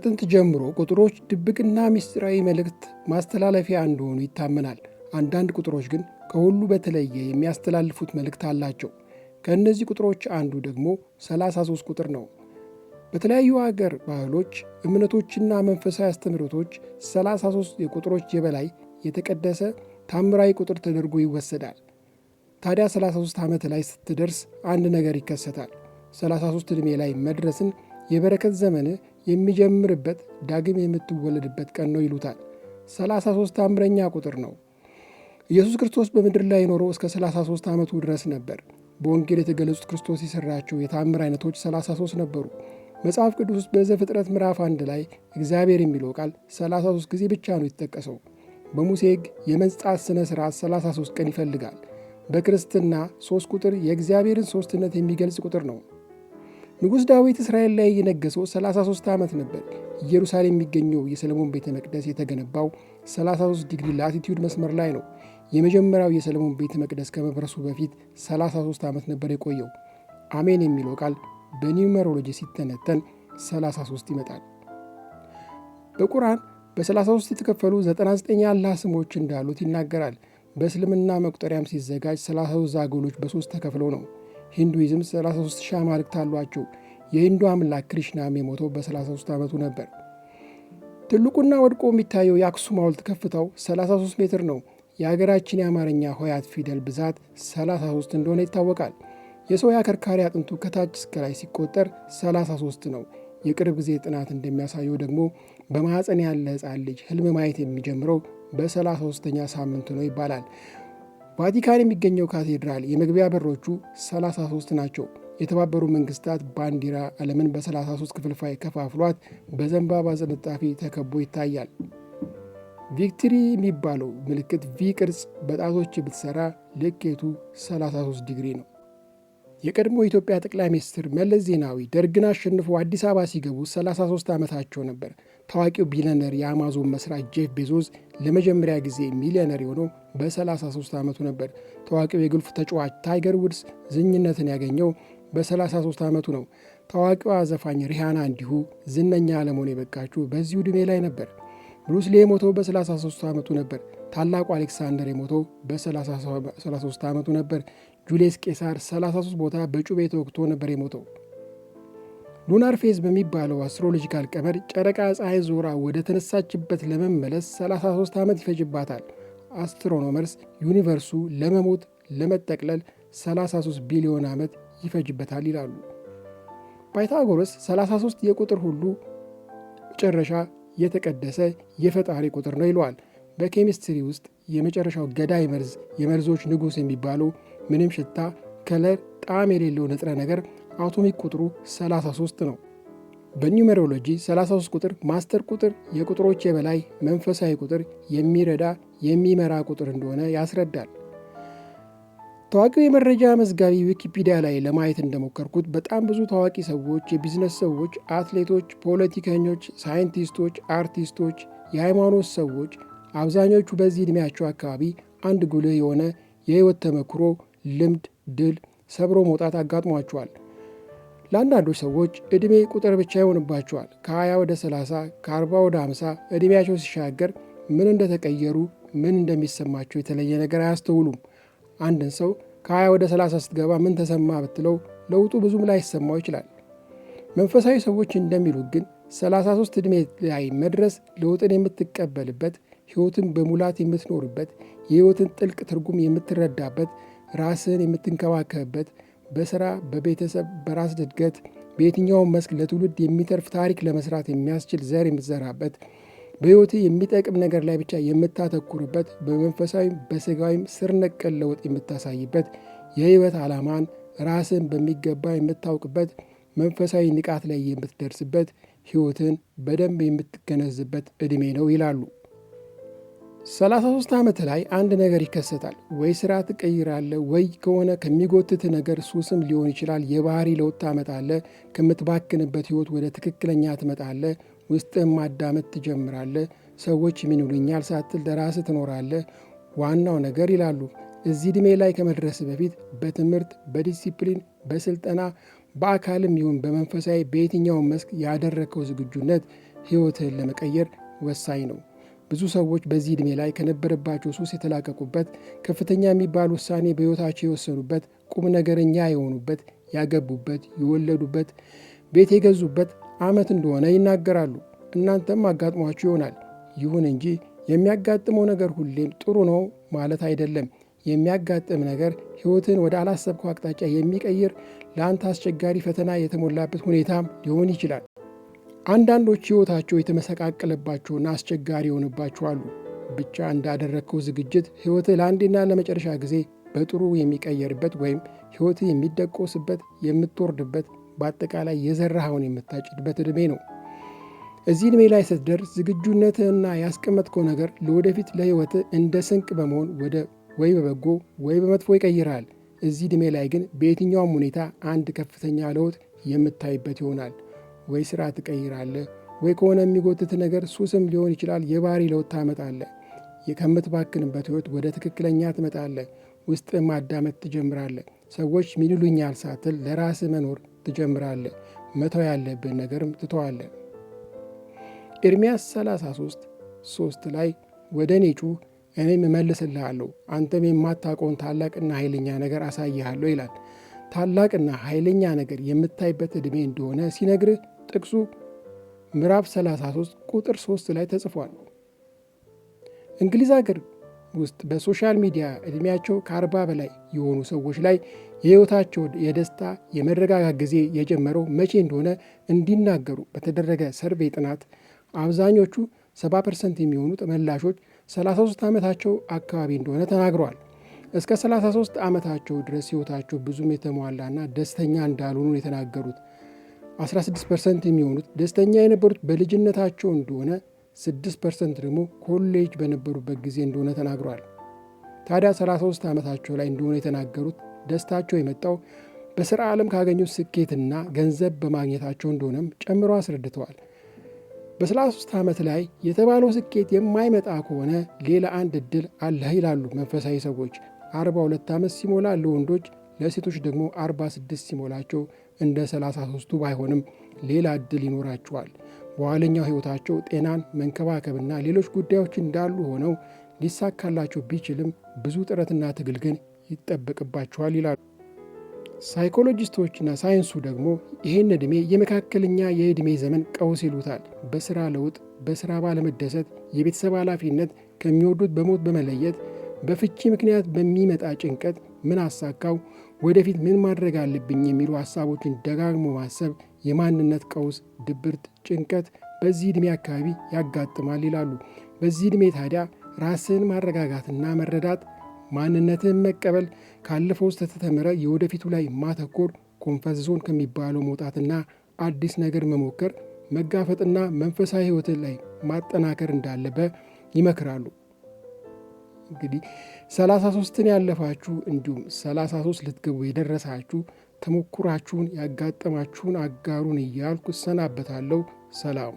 ከጥንት ጀምሮ ቁጥሮች ድብቅና ምስጢራዊ መልእክት ማስተላለፊያ እንደሆኑ ይታመናል። አንዳንድ ቁጥሮች ግን ከሁሉ በተለየ የሚያስተላልፉት መልእክት አላቸው። ከእነዚህ ቁጥሮች አንዱ ደግሞ 33 ቁጥር ነው። በተለያዩ አገር ባህሎች፣ እምነቶችና መንፈሳዊ አስተምህሮቶች 33 የቁጥሮች የበላይ የተቀደሰ ታምራዊ ቁጥር ተደርጎ ይወሰዳል። ታዲያ 33 ዓመት ላይ ስትደርስ አንድ ነገር ይከሰታል። 33 ዕድሜ ላይ መድረስን የበረከት ዘመን የሚጀምርበት ዳግም የምትወለድበት ቀን ነው ይሉታል። 33 አምረኛ ቁጥር ነው። ኢየሱስ ክርስቶስ በምድር ላይ ኖሮ እስከ 33 ዓመቱ ድረስ ነበር። በወንጌል የተገለጹት ክርስቶስ የሠራቸው የታምር አይነቶች 33 ነበሩ። መጽሐፍ ቅዱስ በዘፍጥረት ምዕራፍ አንድ ላይ እግዚአብሔር የሚለው ቃል 33 ጊዜ ብቻ ነው የተጠቀሰው። በሙሴ ሕግ የመንጻት ሥነ ሥርዓት 33 ቀን ይፈልጋል። በክርስትና ሦስት ቁጥር የእግዚአብሔርን ሦስትነት የሚገልጽ ቁጥር ነው። ንጉሥ ዳዊት እስራኤል ላይ የነገሰው 33 ዓመት ነበር። ኢየሩሳሌም የሚገኘው የሰለሞን ቤተ መቅደስ የተገነባው 33 ዲግሪ ላቲቲዩድ መስመር ላይ ነው። የመጀመሪያው የሰለሞን ቤተ መቅደስ ከመፍረሱ በፊት 33 ዓመት ነበር የቆየው። አሜን የሚለው ቃል በኒውመሮሎጂ ሲተነተን 33 ይመጣል። በቁርአን በ33 የተከፈሉ 99 የአላህ ስሞች እንዳሉት ይናገራል። በእስልምና መቁጠሪያም ሲዘጋጅ 33 ዛጎሎች በሶስት ተከፍለው ነው። ሂንዱይዝም 33 ሺህ አማልክት አሏቸው። የሂንዱ አምላክ ክሪሽናም የሞተው በ33 ዓመቱ ነበር። ትልቁና ወድቆ የሚታየው የአክሱም ሐውልት ከፍታው 33 ሜትር ነው። የሀገራችን የአማርኛ ሆያት ፊደል ብዛት 33 እንደሆነ ይታወቃል። የሰው የአከርካሪ አጥንቱ ከታች እስከ ላይ ሲቆጠር 33 ነው። የቅርብ ጊዜ ጥናት እንደሚያሳየው ደግሞ በማኅፀን ያለ ሕፃን ልጅ ህልም ማየት የሚጀምረው በ33ኛ ሳምንቱ ነው ይባላል። ቫቲካን የሚገኘው ካቴድራል የመግቢያ በሮቹ 33 ናቸው። የተባበሩ መንግስታት ባንዲራ ዓለምን በ33 ክፍልፋይ ከፋፍሏት በዘንባባ ዘንጣፊ ተከቦ ይታያል። ቪክትሪ የሚባለው ምልክት ቪ ቅርጽ በጣቶች ብትሰራ ልኬቱ 33 ዲግሪ ነው። የቀድሞ የኢትዮጵያ ጠቅላይ ሚኒስትር መለስ ዜናዊ ደርግን አሸንፎ አዲስ አበባ ሲገቡ 33 ዓመታቸው ነበር። ታዋቂው ቢሊዮነር የአማዞን መስራች ጄፍ ቤዞዝ ለመጀመሪያ ጊዜ ሚሊዮነር የሆነው በ33 ዓመቱ ነበር። ታዋቂው የግልፍ ተጫዋች ታይገር ውድስ ዝኝነትን ያገኘው በ33 ዓመቱ ነው። ታዋቂዋ ዘፋኝ ሪሃና እንዲሁ ዝነኛ ለመሆን የበቃችው በዚሁ ዕድሜ ላይ ነበር። ብሩስ ሊ የሞተው በ33 ዓመቱ ነበር። ታላቁ አሌክሳንደር የሞተው በ33 ዓመቱ ነበር። ጁልየስ ቄሳር 33 ቦታ በጩቤ ተወግቶ ነበር የሞተው። ሉናር ፌዝ በሚባለው አስትሮሎጂካል ቀመር ጨረቃ ፀሐይ ዞራ ወደ ተነሳችበት ለመመለስ 33 ዓመት ይፈጅባታል። አስትሮኖመርስ ዩኒቨርሱ ለመሞት ለመጠቅለል 33 ቢሊዮን ዓመት ይፈጅበታል ይላሉ። ፓይታጎረስ 33 የቁጥር ሁሉ መጨረሻ የተቀደሰ የፈጣሪ ቁጥር ነው ይለዋል። በኬሚስትሪ ውስጥ የመጨረሻው ገዳይ መርዝ የመርዞች ንጉሥ የሚባለው ምንም ሽታ፣ ከለር፣ ጣዕም የሌለው ንጥረ ነገር አቶሚክ ቁጥሩ 33 ነው። በኒውሜሮሎጂ 33 ቁጥር ማስተር ቁጥር፣ የቁጥሮች የበላይ መንፈሳዊ ቁጥር፣ የሚረዳ የሚመራ ቁጥር እንደሆነ ያስረዳል። ታዋቂው የመረጃ መዝጋቢ ዊኪፒዲያ ላይ ለማየት እንደሞከርኩት በጣም ብዙ ታዋቂ ሰዎች፣ የቢዝነስ ሰዎች፣ አትሌቶች፣ ፖለቲከኞች፣ ሳይንቲስቶች፣ አርቲስቶች፣ የሃይማኖት ሰዎች አብዛኞቹ በዚህ ዕድሜያቸው አካባቢ አንድ ጉልህ የሆነ የህይወት ተመክሮ፣ ልምድ፣ ድል፣ ሰብሮ መውጣት አጋጥሟቸዋል። ለአንዳንዶች ሰዎች ዕድሜ ቁጥር ብቻ ይሆንባቸዋል። ከ20 ወደ 30፣ ከ40 ወደ 50 ዕድሜያቸው ሲሻገር ምን እንደተቀየሩ ምን እንደሚሰማቸው የተለየ ነገር አያስተውሉም። አንድን ሰው ከ20 ወደ 30 ስትገባ ምን ተሰማ ብትለው ለውጡ ብዙም ላይሰማው ይችላል። መንፈሳዊ ሰዎች እንደሚሉት ግን 33 ዕድሜ ላይ መድረስ ለውጥን የምትቀበልበት፣ ሕይወትን በሙላት የምትኖርበት፣ የሕይወትን ጥልቅ ትርጉም የምትረዳበት፣ ራስህን የምትንከባከብበት በስራ፣ በቤተሰብ፣ በራስ እድገት፣ በየትኛውም መስክ ለትውልድ የሚተርፍ ታሪክ ለመስራት የሚያስችል ዘር የምትዘራበት፣ በሕይወትህ የሚጠቅም ነገር ላይ ብቻ የምታተኩርበት፣ በመንፈሳዊም በስጋዊም ስር ነቀል ለውጥ የምታሳይበት፣ የሕይወት ዓላማን ራስን በሚገባ የምታውቅበት፣ መንፈሳዊ ንቃት ላይ የምትደርስበት፣ ሕይወትን በደንብ የምትገነዝበት ዕድሜ ነው ይላሉ። 33 ዓመት ላይ አንድ ነገር ይከሰታል። ወይ ስራ ትቀይራለህ፣ ወይ ከሆነ ከሚጎትት ነገር ሱስም ሊሆን ይችላል። የባህሪ ለውጥ ታመጣለህ። ከምትባክንበት ህይወት ወደ ትክክለኛ ትመጣለህ። ውስጥህን ማዳመጥ ትጀምራለህ። ሰዎች ምን ይሉኛል ሳትል ለራስህ ትኖራለህ። ዋናው ነገር ይላሉ። እዚህ ዕድሜ ላይ ከመድረስ በፊት በትምህርት በዲሲፕሊን በስልጠና በአካልም ይሁን በመንፈሳዊ በየትኛውም መስክ ያደረግከው ዝግጁነት ህይወትህን ለመቀየር ወሳኝ ነው። ብዙ ሰዎች በዚህ ዕድሜ ላይ ከነበረባቸው ሱስ የተላቀቁበት፣ ከፍተኛ የሚባል ውሳኔ በሕይወታቸው የወሰኑበት፣ ቁም ነገረኛ የሆኑበት፣ ያገቡበት፣ የወለዱበት፣ ቤት የገዙበት ዓመት እንደሆነ ይናገራሉ። እናንተም አጋጥሟችሁ ይሆናል። ይሁን እንጂ የሚያጋጥመው ነገር ሁሌም ጥሩ ነው ማለት አይደለም። የሚያጋጥም ነገር ሕይወትን ወደ አላሰብከው አቅጣጫ የሚቀይር ለአንተ አስቸጋሪ ፈተና የተሞላበት ሁኔታም ሊሆን ይችላል። አንዳንዶች ሕይወታቸው የተመሰቃቀለባቸውና አስቸጋሪ የሆነባቸው ብቻ እንዳደረግከው ዝግጅት ሕይወትህ ለአንዴና ለመጨረሻ ጊዜ በጥሩ የሚቀየርበት ወይም ሕይወትህ የሚደቆስበት፣ የምትወርድበት፣ በአጠቃላይ የዘራኸውን የምታጭድበት ዕድሜ ነው። እዚህ ዕድሜ ላይ ስትደርስ ዝግጁነትህና ያስቀመጥከው ነገር ለወደፊት ለሕይወትህ እንደ ስንቅ በመሆን ወደ ወይ በበጎ ወይ በመጥፎ ይቀይርሃል። እዚህ ዕድሜ ላይ ግን በየትኛውም ሁኔታ አንድ ከፍተኛ ለውጥ የምታይበት ይሆናል። ወይ ስራ ትቀይራለህ፣ ወይ ከሆነ የሚጎትት ነገር ሱስም ሊሆን ይችላል። የባህሪ ለውጥ ታመጣለህ። ከምትባክንበት ህይወት ወደ ትክክለኛ ትመጣለህ። ውስጥ ማዳመጥ ትጀምራለህ። ሰዎች ምን ይሉኛል ሳትል ለራስ መኖር ትጀምራለህ። መተው ያለብን ነገርም ትተዋለህ። ኤርምያስ 33 3 ላይ ወደ እኔ ጩህ እኔም እመልስልሃለሁ፣ አንተም የማታውቀውን ታላቅና ኃይለኛ ነገር አሳይሃለሁ ይላል። ታላቅና ኃይለኛ ነገር የምታይበት ዕድሜ እንደሆነ ሲነግርህ ጥቅሱ ምዕራፍ 33 ቁጥር 3 ላይ ተጽፏል። እንግሊዝ ሀገር ውስጥ በሶሻል ሚዲያ ዕድሜያቸው ከአርባ በላይ የሆኑ ሰዎች ላይ የሕይወታቸው የደስታ የመረጋጋት ጊዜ የጀመረው መቼ እንደሆነ እንዲናገሩ በተደረገ ሰርቬይ ጥናት አብዛኞቹ 70 ፐርሰንት የሚሆኑት መላሾች 33 ዓመታቸው አካባቢ እንደሆነ ተናግረዋል። እስከ 33 ዓመታቸው ድረስ ሕይወታቸው ብዙም የተሟላና ደስተኛ እንዳልሆኑ የተናገሩት 16 ፐርሰንት የሚሆኑት ደስተኛ የነበሩት በልጅነታቸው እንደሆነ 6 ፐርሰንት ደግሞ ኮሌጅ በነበሩበት ጊዜ እንደሆነ ተናግሯል። ታዲያ 33 ዓመታቸው ላይ እንደሆነ የተናገሩት ደስታቸው የመጣው በስራ ዓለም ካገኙት ስኬትና ገንዘብ በማግኘታቸው እንደሆነም ጨምሮ አስረድተዋል። በ33 ዓመት ላይ የተባለው ስኬት የማይመጣ ከሆነ ሌላ አንድ ዕድል አለህ ይላሉ መንፈሳዊ ሰዎች። 42 ዓመት ሲሞላ ለወንዶች፣ ለሴቶች ደግሞ 46 ሲሞላቸው እንደ ሰላሳ ሶስቱ ባይሆንም ሌላ እድል ይኖራቸዋል። በኋለኛው ህይወታቸው ጤናን መንከባከብና ሌሎች ጉዳዮች እንዳሉ ሆነው ሊሳካላቸው ቢችልም ብዙ ጥረትና ትግል ግን ይጠበቅባቸዋል ይላሉ። ሳይኮሎጂስቶችና ሳይንሱ ደግሞ ይህን ዕድሜ የመካከለኛ የዕድሜ ዘመን ቀውስ ይሉታል። በስራ ለውጥ፣ በስራ ባለመደሰት፣ የቤተሰብ ኃላፊነት፣ ከሚወዱት በሞት በመለየት፣ በፍቺ ምክንያት በሚመጣ ጭንቀት ምን አሳካው ወደፊት ምን ማድረግ አለብኝ የሚሉ ሀሳቦችን ደጋግሞ ማሰብ የማንነት ቀውስ፣ ድብርት፣ ጭንቀት በዚህ ዕድሜ አካባቢ ያጋጥማል ይላሉ። በዚህ ዕድሜ ታዲያ ራስን ማረጋጋትና መረዳት፣ ማንነትን መቀበል፣ ካለፈው ስተተተምረ የወደፊቱ ላይ ማተኮር፣ ኮንፈርት ዞን ከሚባለው መውጣትና አዲስ ነገር መሞከር፣ መጋፈጥና መንፈሳዊ ሕይወትን ላይ ማጠናከር እንዳለበ ይመክራሉ። እንግዲህ 33ን ያለፋችሁ እንዲሁም 33 ልትገቡ የደረሳችሁ ተሞክራችሁን ያጋጠማችሁን አጋሩን እያልኩ እሰናበታለሁ። ሰላም